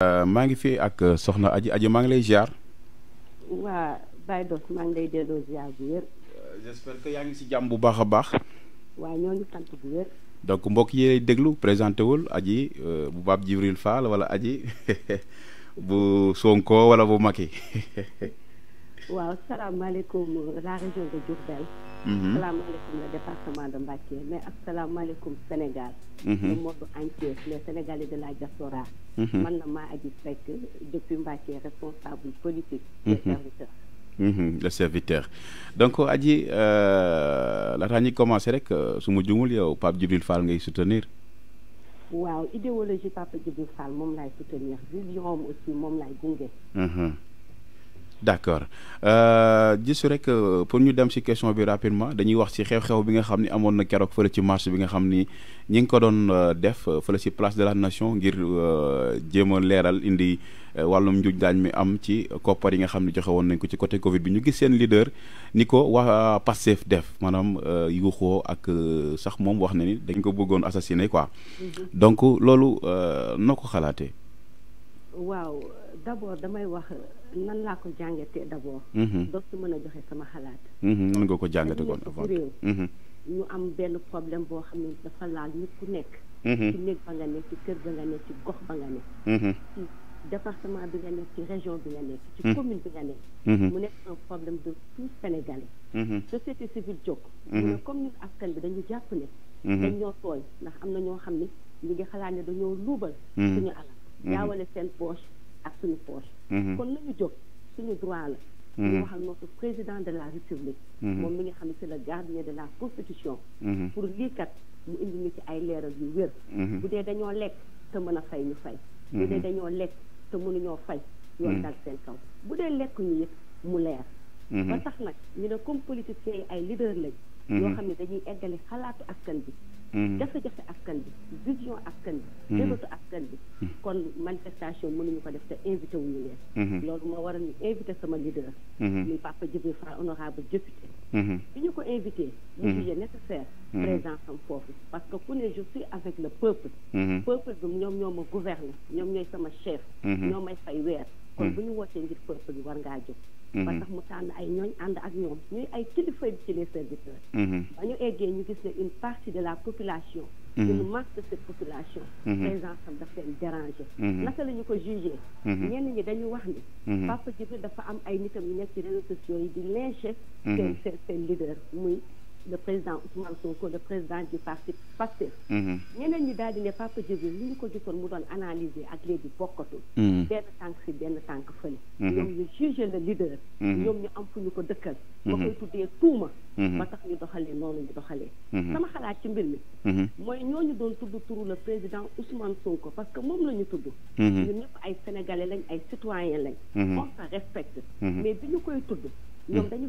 maa ngi fi ak euh, soxna aji aji maa ngi lay ziar. waa Baye Dos maa ngi lay delloo ziar bu wér. Euh, j'espère que yaa ngi si jàmm bu baax a baax. waa ñoo ngi sant bu wér. donc mbokk yi lay déglu présenté wul aji euh, bu Pape Djibril Fall wala aji bu Sonko wala bu Macky. waaw salaamaaleykum la région de Diourbel. Mm-hmm. alaikum, le département de Mbacké mais alaikum, Sénégal mm-hmm. le monde entier les Sénégalais de la diaspora mm-hmm. man la maa aji fekk depuis Mbacké responsable politique des serviteurs le serviteur donc aji euh, laataa ñuy commencé rek euh, su ma jumul yow Pape Djibril Fall ngay soutenir waaw idéologie Pape Djibril Fall moom laay soutenir vision aussi moom laay gunge d' accord gis euh, rek pour ñu dem ci question bi rapidement dañuy wax ci xew-xew bi nga xamni ni na kérok feul ci marché bi nga xamni ni ñi ngi ko don euh, def feul ci place de la nation ngir euh, jéem léral indi walum njuuj dañ mi am ci copar yi nga xamni ne joxe woon nañ ko ci côté Covid bi ñu gis sen leader ni ko waa def manam yu yuuxoo ak sax mom wax na ni dañ ko bëggoon assassiner quoi mm-hmm. donc lolu noko ko waaw. d' abord damay wax nan laa ko jàngatee d' abord. Mhm. doog su mën a joxe sama xalaat. nan mhm, nga ko jàngatee kon avant réew. Mhm. ñu am benn problème boo xam ne dafa laal nit ku nekk. ci néeg ba nga nekk ci kër ba nga nekk ci gox ba nga nekk. ci département bi nga nekk ci région bi nga nekk. ci commune bi nga nekk. mu nekk un problème de tout Sénégalais. société civile jóg. mu ne comme ñun bi dañu jàpp ne. dañ ñoo tooy ndax am na ñoo xam ne ñu ngi xalaat ne dañoo luubal. suñu alal jaawale suñu poche. Mhm. kon nañu jóg suñu droit la. ñu mhm. waxal notre président de la république. Mhm. moom mi nga xam ne c'est le de la constitution. pour lii kat mu indi ñu ci ay leeral yu wér. bu dee dañoo lekk te mën a fay ñu fay. bu dee dañoo lekk te mënuñoo fay. yoon dal seen kaw bu dee lekk ñu it mu leer. ba tax nag ñu ne comme politiciens yi ay leader lañ. yoo xam ne dañuy eggale xalaatu askan bi. Mm-hmm. jafe-jafe askan bi vision askan bi débatu mm-hmm. askan bi mm-hmm. kon manifestation mënuñu ko def te invité wuñu leen loolu moo waral ñu invité sama leader muy Papa Djibril Fall honorable député bi ñu ko invité mu jugee nécessaire présence am foofu parce que ku ne je suis avec le peuple peuple bi ñoom ñoo gouverne ñoom ñooy sama chef ñoo may fay weer kon bu ñu wootee ngir peuple bi war ngaa jóg ba mhm. tax mu tànn ay ñooñ ànd ak ñoom ñuy ay kilifa ci les serviteurs mhm. ba ñu eggee ñu gis ne une partie de la population mhm. une masse de cette population présence am daf leen dérangé naka la ko jugé ñenn ñi dañu wax ni Papa Djibril dafa am ay nitam yu nekk ci réseaux sociaux yi di lynché seen seen seen leader muy le président Ousmane Sonko le président du parti Pastef mhm. ñeneen ñi daal di Papa ko mu analyser ak léegi mhm. si que Nous mhm. ñu jugé le leader ñu am nous ko Nous avons ba tax ñu sama xalaat ci mbir le président Ousmane Sonko parce que nous tudd nous ay sénégalais lañ ay citoyens on respecte mais nous, nous koy tudd nous avons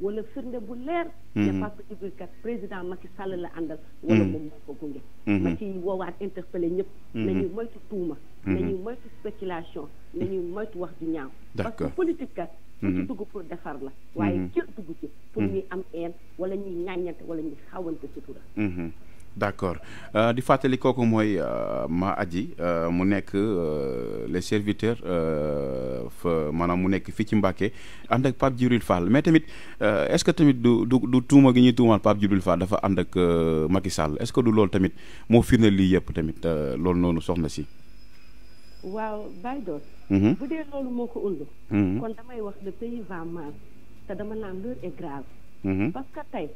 wala firnde bu leer mhm. ne Papa Djibril kat président Macky Sall la àndal mhm. wala moom moo ko gunge mhm. ma ciy woowaat interpellé ñëpp nañuy moytu tuuma nañuy moytu spéculation nañuy moytu wax du ñaaw parce que politique kat ci dugg pour defar la waaye cër dugg ci pour ñuy am een wala ñuy ñàññante wala ñuy xawante sutura d' accord euh, di fàttali kooku mooy euh, ma aji euh, mu nekk les serviteurs fa maanaam mu nekk fii ci Mbàkke and ak Pape Djibril Fall mais tamit euh, est-ce que tamit du du du touma gi ñuy tuumaal Pape Djibril Fall dafa and ak euh, Macky Sall est-ce que du lool tamit mo firndeel li yëpp tamit euh, lool noonu soxna si. waaw Baye -hmm. bu lool moko moo ko undu mhm. kon damay wax le pays va mal te dama naan leur est grave. -hmm. parce que tay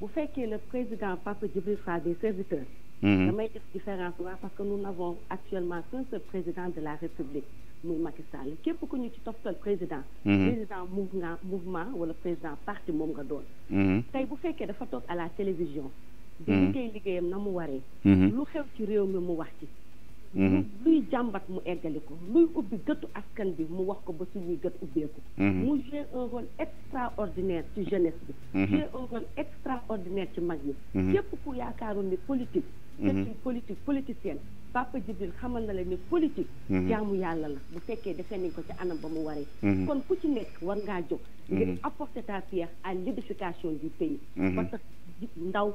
bu fekkee le président Papa Djibril Fall des serviteurs. Mhm. damay def différence waa parce que nous n'avons actuellement qu'un seul président de la République muy Macky Sall képp ku ñu ci toftal président. Mhm. président mouvement mouvement wala président parti moom nga doon. Mhm. tey bu fekkee dafa toog à la télévision. Mhm. di liggéey liggéeyam na mu waree. lu xew ci réew mi mu wax ci. Mm-hmm. luy jàmbat mu eggali ko luy ubbi gëtu askan bi mu wax ko ba suñuy gët ubbeeku mm-hmm. mu jouer un extraordinaire ci jeunesse bi mm-hmm. jouer un extraordinaire ci mag yi képp ku yaakaaru ni politique c'est une politique politicienne Papa Djibril xamal na la ne politique jaamu yàlla la bu fekkee defee nañ ko ci anam ba mu waree kon ku ci nekk war ngaa jóg ngir apporter ta pierre à l'édification du pays parce que ndaw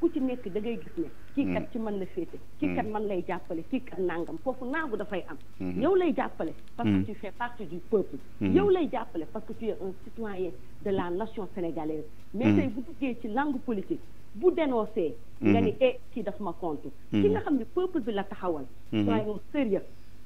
ku ci nekk da ngay gis ne kii kat ci man la féete mm. kii kat mm. man lay jàppale kii kat nangam foofu naagu dafay am mm-hmm. yow lay jàppale parce que mm. tu fais partie du peuple mm-hmm. yow lay jàppale parce que tu es un citoyen de la nation sénégalaise mais mm-hmm. tey bu duggee ci langue politique bu dénoncé nga ni eh kii daf ma compte ki nga xam ne peuple bi la taxawal soyons sérieux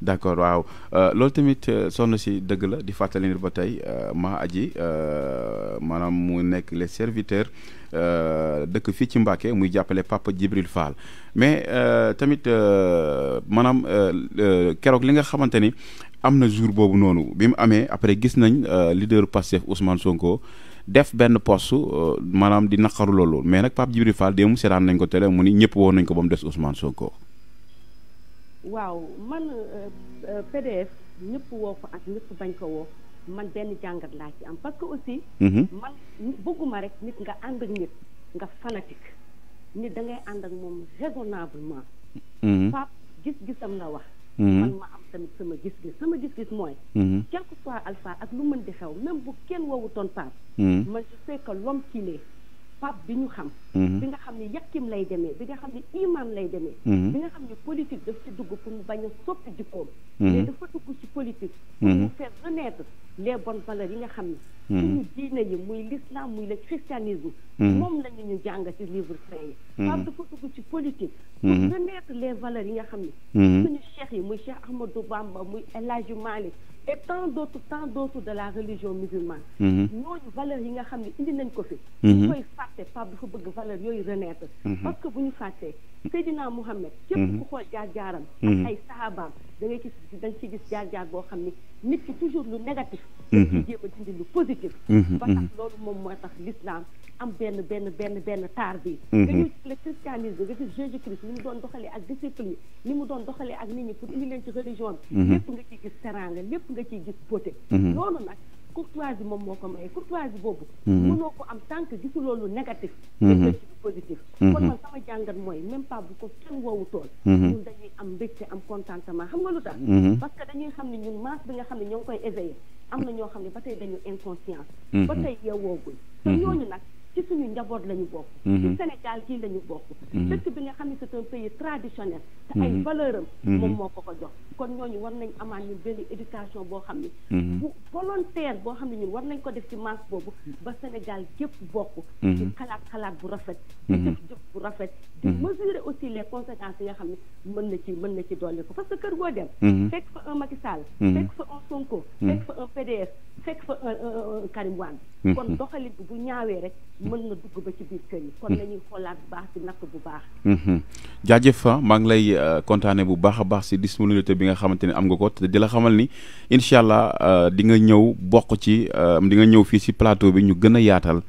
d' accord waaw euh, loolu tamit euh, soxna si dëgg la di fàttali ne ba tey euh, ma aji maanaam mu nekk les serviteurs dëkk fii ci Mbàkke muy jàppale Papa Djibril Fall mais tamit maanaam keroog li nga xamante ni am na jour boobu noonu bi mu amee après gis nañ leader Pastef Ousmane Sonko def benn poste maanaam di naqaru loolu mais nag Papa Djibril Fall mu seetaan nañ ko télé mu ni ñëpp woo nañ ko ba mu des Ousmane Sonko. waaw man euh, euh, PDF ñëpp woo ko ak ñëpp bañ ko woo man benn jàngat laa ci am parce que aussi. Mm-hmm. man bëgguma rek nit nga ànd ak nit nga fanatique nit da ànd ak moom raisonnablement. Mm-hmm. Pape gis-gisam la wax. Mm-hmm. man ma am tamit sama gis-gis sama gis-gis mooy. quelque soit alpha ak lu mën di xew même bu kenn woowutoon Pape. man je sais que pape bi ñu xam mhm. bi nga xam ne yàkkim lay demee bi nga xam ne imam lay demee mhm. bi nga xam ne politique daf ci dugg pour mu bañ a soppi jikkoom mhm. mais dafa dugg ci politique pour mu faire renaître les bon valeurs yi nga xam ne suñu diine yi muy l'islam muy le christianisme moom la ñu ñu jàng ci livre saint yi pape dafa dugg ci politique pour renaître les valeurs yi nga xam ne suñu cheikh yi muy cheikh ahmadou bamba muy El Hadji et tant d'autres tan d'autres de la religion musulmane mm-hmm. ñooñu valeur yi nga xam ne indi nañ ko fi ñu mm-hmm. koy fàtte Pape dafa bëgg valeur yooyu renaître mm-hmm. parce que bu ñu fàttee Seydina Mouhamed képp mhm. ku xool jaar-jaaram mhm. ay sahabaam da ngay gis dañ ci gis jaar-jaar boo xam ne nit ki toujours lu négatif mhm. dañ ci jéem a lu positif ba tax loolu moom moo tax l'islam am benn benn benn benn taar bi nga gis le christianisme nga gis Jésus Christ ni mu doon doxalee ak disciples ni mu doon doxalee ak nit ñi pour indi leen ci religion bi lépp nga ciy gis teraanga lépp nga ciy gis beauté loolu nag courtoisie moom moo ko may courtoisie boobu mhm. mënoo ko am tant que gisuloo lu négatif te mhm. positif mhm. kon man sama jàngat mooy même pas bu ko kenn woowu tool ñun dañuy am mbégte am contentement xam nga lu tax parce que dañuy xam ne ñun masse bi nga xam ne ñoo ngi koy éveillé am na ñoo xam ne ba tey dañu inconscience ba tey yeewooguñ te ñooñu nag ci suñu njaboot la ñu bokk mhm. ci Sénégal gii la ñu bokk mhm. dëkk bi nga xam ne c'est un pays traditionnel te mhm. ay valeur am moom moo ko ko jox kon ñooñu war nañ amaan ñu benn éducation boo xam ne bu volontaire boo xam ne ñun war nañ ko def ci masse boobu ba Sénégal gépp bokk di xalaat xalaat bu rafet di jëf bu rafet di mesurer aussi les conséquences yi nga xam ne mën na ci mën na ci dolli ko parce que kër goo dem fekk fa un Macky Sall fekk fa un Sonko fekk fa un PDS fekk fa un Karim bu ñaawee rek mën hmm. hmm. jaajëf fa ah, maa ngi lay euh, kontaane bu baax a baax si disponibilité bi nga xamante ne am nga ko te di xamal ni incha allah euh, di nga ñëw bokk ci euh, di nga ñëw fii si plateau bi ñu gën a yaatal.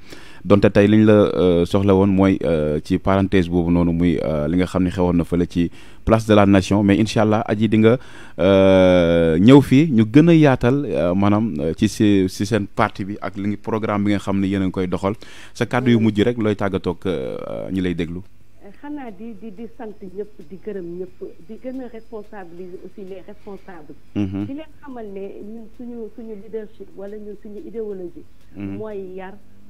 donte tey liñ la euh, soxla woon mooy euh, ci parenthèse boobu noonu muy euh, li nga xam ni xewoon na fële ci place de la nation mais incha allah aji di nga ñëw fii ñu gën a yaatal maanaam ci si si seen parti bi ak li programme bi nga xam ne yéen a ngi koy doxal sa kàddu yu mujj rek looy tàggatoo ñu lay déglu. xanaa di di sant ñëpp di gërëm ñëpp di gën a responsabiliser aussi les responsables mhm. di leen xamal ne ñun suñu suñu leadership wala ñun suñu idéologie mhm. mooy yar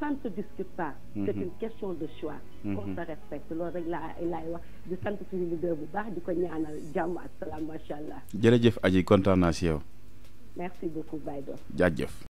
ça ne se discute pas. c'est mhm. une question de choix. Mhm. qu'on se respecte loolu rek laa laay wax di sant bu baax di ko ñaanal jàmm ak salaam macha allah. jërëjëf Adji kontaan naa si yow. merci beaucoup Baye